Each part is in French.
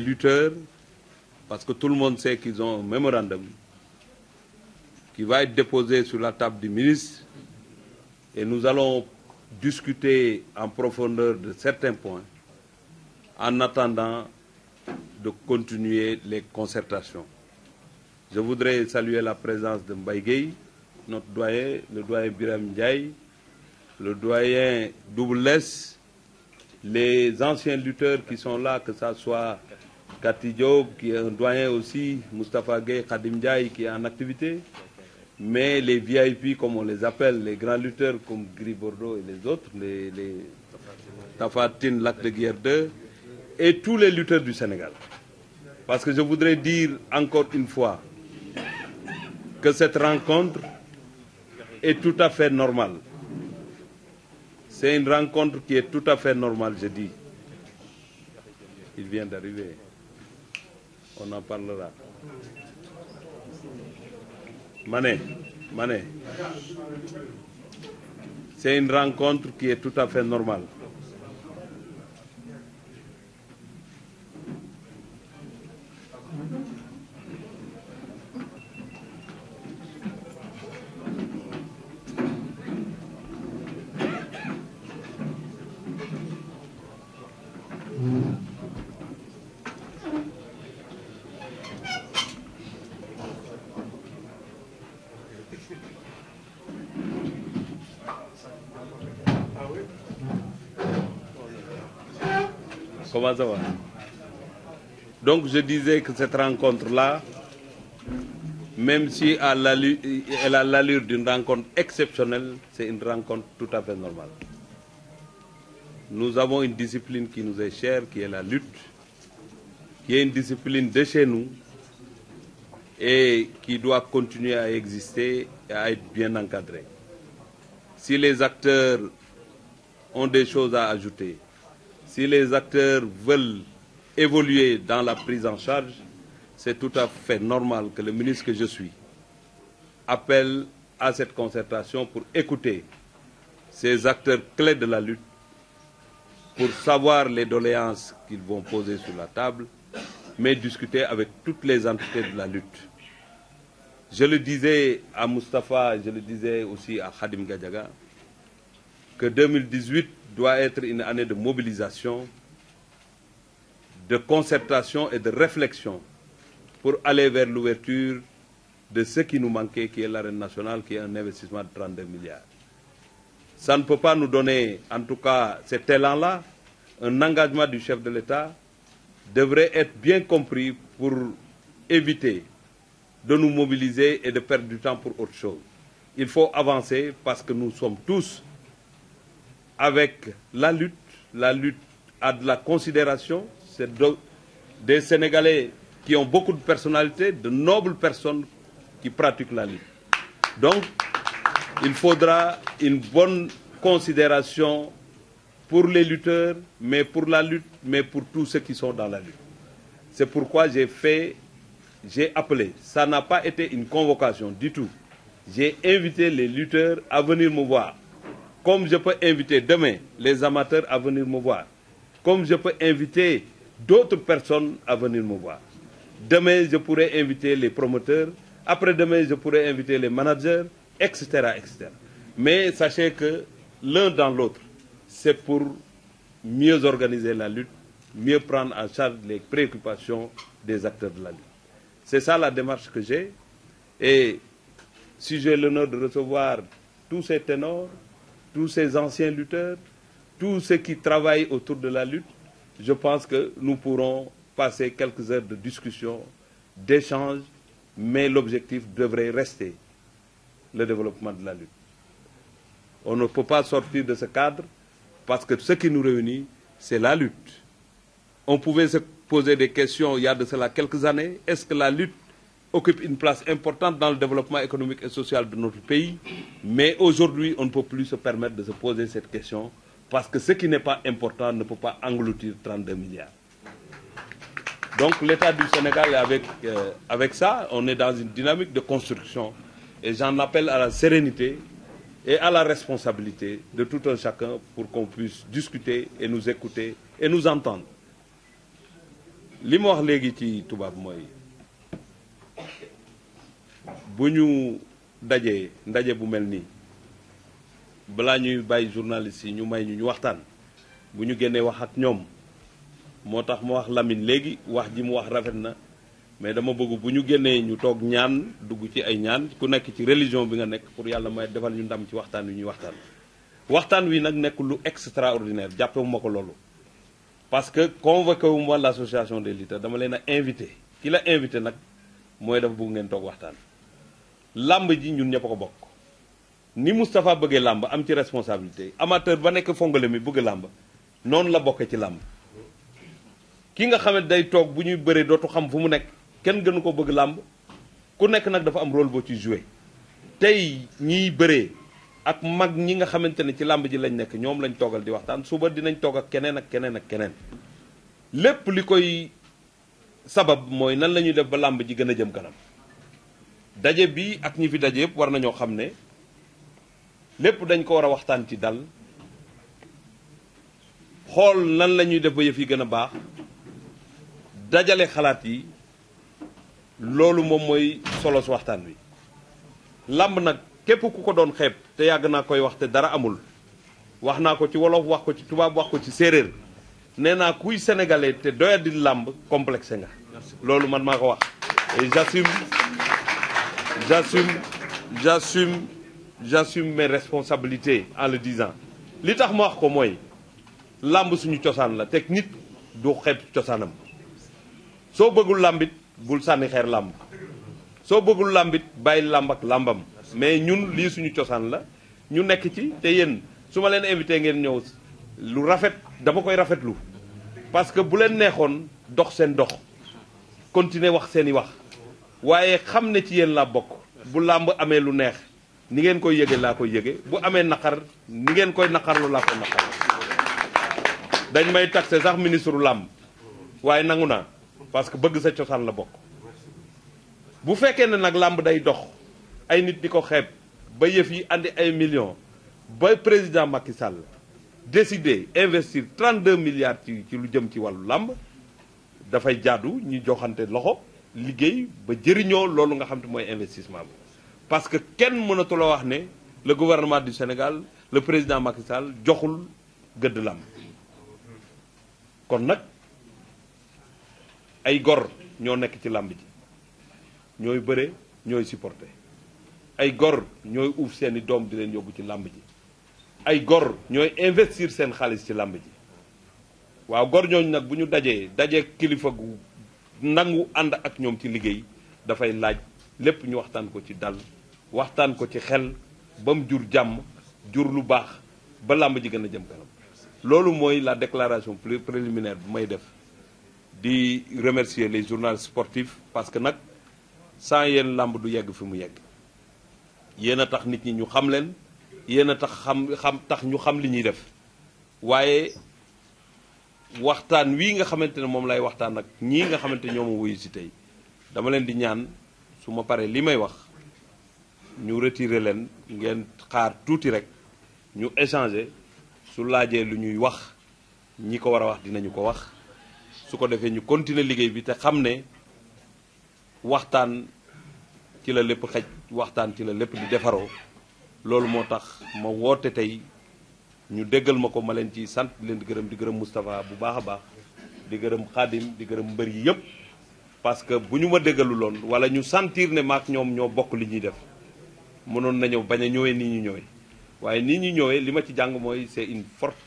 lutteurs, parce que tout le monde sait qu'ils ont un mémorandum qui va être déposé sur la table du ministre et nous allons discuter en profondeur de certains points en attendant de continuer les concertations. Je voudrais saluer la présence de Mbaïgei, notre doyen, le doyen Biram Ndiaye, le doyen Doublesse, les anciens lutteurs qui sont là, que ce soit Kati Diop, qui est un doyen aussi, Mustapha Gay, Kadim Diaye, qui est en activité. Mais les VIP, comme on les appelle, les grands lutteurs comme Gris et les autres, les, les Lac de Guerre 2, et tous les lutteurs du Sénégal. Parce que je voudrais dire encore une fois que cette rencontre est tout à fait normale. C'est une rencontre qui est tout à fait normale, je dis. Il vient d'arriver on en parlera. Mané, Mané, c'est une rencontre qui est tout à fait normale. Comment ça va Donc je disais que cette rencontre-là, même si elle a l'allure d'une rencontre exceptionnelle, c'est une rencontre tout à fait normale. Nous avons une discipline qui nous est chère, qui est la lutte, qui est une discipline de chez nous et qui doit continuer à exister et à être bien encadrée. Si les acteurs ont des choses à ajouter. Si les acteurs veulent évoluer dans la prise en charge, c'est tout à fait normal que le ministre que je suis appelle à cette concertation pour écouter ces acteurs clés de la lutte, pour savoir les doléances qu'ils vont poser sur la table, mais discuter avec toutes les entités de la lutte. Je le disais à Mustapha, je le disais aussi à Khadim Gadjaga, que 2018 doit être une année de mobilisation, de concertation et de réflexion pour aller vers l'ouverture de ce qui nous manquait, qui est l'arène nationale, qui est un investissement de 32 milliards. Ça ne peut pas nous donner, en tout cas cet élan-là, un engagement du chef de l'État devrait être bien compris pour éviter de nous mobiliser et de perdre du temps pour autre chose. Il faut avancer parce que nous sommes tous avec la lutte. La lutte a de la considération. C'est des Sénégalais qui ont beaucoup de personnalités, de nobles personnes qui pratiquent la lutte. Donc, il faudra une bonne considération pour les lutteurs, mais pour la lutte, mais pour tous ceux qui sont dans la lutte. C'est pourquoi j'ai fait, j'ai appelé. Ça n'a pas été une convocation du tout. J'ai invité les lutteurs à venir me voir. Comme je peux inviter demain les amateurs à venir me voir. Comme je peux inviter d'autres personnes à venir me voir. Demain, je pourrais inviter les promoteurs. Après-demain, je pourrais inviter les managers, etc. Mais sachez que l'un dans l'autre, c'est pour mieux organiser la lutte, mieux prendre en charge les préoccupations des acteurs de la lutte. C'est ça la démarche que j'ai. Et si j'ai l'honneur de recevoir tous ces ténors, tous ces anciens lutteurs, tous ceux qui travaillent autour de la lutte, je pense que nous pourrons passer quelques heures de discussion, d'échange, mais l'objectif devrait rester le développement de la lutte. On ne peut pas sortir de ce cadre parce que ce qui nous réunit, c'est la lutte. On pouvait se poser des questions il y a de cela quelques années. Est-ce que la lutte occupe une place importante dans le développement économique et social de notre pays. Mais aujourd'hui, on ne peut plus se permettre de se poser cette question parce que ce qui n'est pas important ne peut pas engloutir 32 milliards. Donc l'État du Sénégal, avec, euh, avec ça, on est dans une dynamique de construction. Et j'en appelle à la sérénité et à la responsabilité de tout un chacun pour qu'on puisse discuter et nous écouter et nous entendre. li légitime tout bu ñu dajee ndaje bu mel nii balaa ñuy bàyyi journaliste yi ñu may ñu ñu waxtaan bu ñu génnee wax ak ñoom moo tax ma wax Lamine léegi wax ji mu wax rafet na mais dama bëgg bu ñu génnee ñu toog ñaan dugg ci ay ñaan ku nekk ci religion bi nga nekk pour yàlla may defal ñu ndam ci waxtaan wi ñuy waxtaan waxtaan wi nag nekk lu extraordinaire jàppewuma ko loolu parce que convoqué wu ma l' des lutteurs dama leen a invité ki la invité nag mooy dafa bu ngeen toog waxtaan lamb ji ñun ñëpp ko ni Mustafa bëggee lamba. am ci responsabilité amateur ba nekk fongale mi bëgg làmb non la bokkee ci làmb ki nga xamante day toog bu ñuy bëree dootu xam fu mu nekk kenn gënu ko bëgg làmb ku nekk nag dafa am rôle boo ci joué tey ñiy bëree ak mag ñi nga xamante ne ci làmb ji lañ nekk ñoom lañ toogal di waxtaan suba dinañ toog ak keneen ak keneen ak keneen lépp li sabab mooy nan la def ba làmb ji gën jëm kanam daje bi ak ñi fi daje yëpp war nañu xamné lépp dañ ko wara waxtaan ci dal xool nan lañuy def ba yëf yi gëna baax dajale xalaat yi loolu moom mooy solos waxtaan bi lamb nag képp ku ko doon xeeb te yàgg naa koy wax te dara amul wax naa ko ci wolof wax ko ci tubaab wax ko ci séeréer nee naa kuy sénégalais te di lamb complexe nga loolu man maa wax et j'assume j'assume, j'assume, j'assume mes responsabilités en le disant li tax ma wax ko mooy làmb suñu la technique nit du xeeb cosaanam soo bëggul lambit, bul sànni xeer lamb. So bëggul lambit, bàyyi lamb ak l'ambam, mais ñun li suñu cosaan la ñu nekk ci te yéen suma len invité ngeen ñew lu rafet dama koy rafetlu parce que bu len neexoon dox sen dox continuer wax seen wax waye xamne ne ci yeen la bok bu lamb amé lu neex ni ngeen koy yegge la koy yegge bu amé nakar, ni ngeen koy lu la koy nakar dañ may taxé sax ministre lamb waye nanguna parce que bëgg sa la bok bu fekkee né nak lamb day dox ay nit diko xép ba yëf yi andi ay millions ba président Macky Sall décidé investir 32 milliards ci lu jëm ci lamb da fay jaadu ñu joxante loxo liggéey ba jëriñoo loolu nga xam te mooy investissement bi parce que kenn mënatu la wax ne le gouvernement du Sénégal le président Macky Sall joxul gëdd lam kon nag ay gor ñoo nekk ci làmb ji ñooy bëre ñooy supporté ay gor ñooy uuf seeni doom di leen yóbbu ci làmb ji ay gor ñooy investir seen xaalis ci làmb ji waaw gor ñooñu nag bu ñu dajee dajee kilifa gu nangu ànd ak ñoom ci liggéey dafay laaj lépp ñu waxtaan ko ci dal waxtaan ko ci xel ba mu jur jàmm jur lu baax ba làmb ji gën a jëm kanam loolu mooy la déclaration préliminaire bu may def di remercier les journalistes sportifs parce que nag sans yéen làmb du yegg fi mu yegg yéen a tax nit ñi ñu xam leen yéen a tax xam xam tax ñu xam li ñuy def waaye waxtaan wii nga xamante ne moom lay waxtaan ak ñii nga xamante ñoo ma wuyu si tey dama leen di ñaan su ma paree li may wax ñu retirer leen ngeen xaar tuuti rek ñu échanger su laajee lu ñuy wax ñi ko war a wax dinañu ko wax su ko defee ñu continuer liggéey bi te xam ne waxtaan ci la lépp xej waxtaan ci la lépp di defaroo loolu moo tax ma woote tey ñu déggal ma ko ma nous ci sant di Moustapha bu baax baax di parce que bu ñu ma déggalu wala ñu sentir ne maak ñoom ñoo bokk li ñuy def mënoon c'est une forte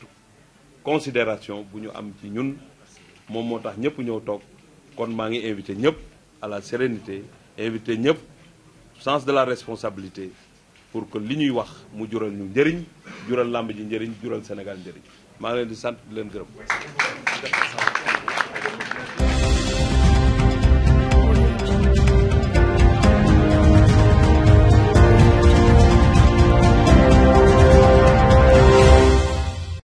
considération bu nous am ci ñun moom moo ñëpp ñëw kon invité à la sérénité invité ñëpp sens de la responsabilité pour que li ñuy wax mu jural làmb ji njëriñ jural Sénégal njëriñ maa ngi leen di sant di leen gërëm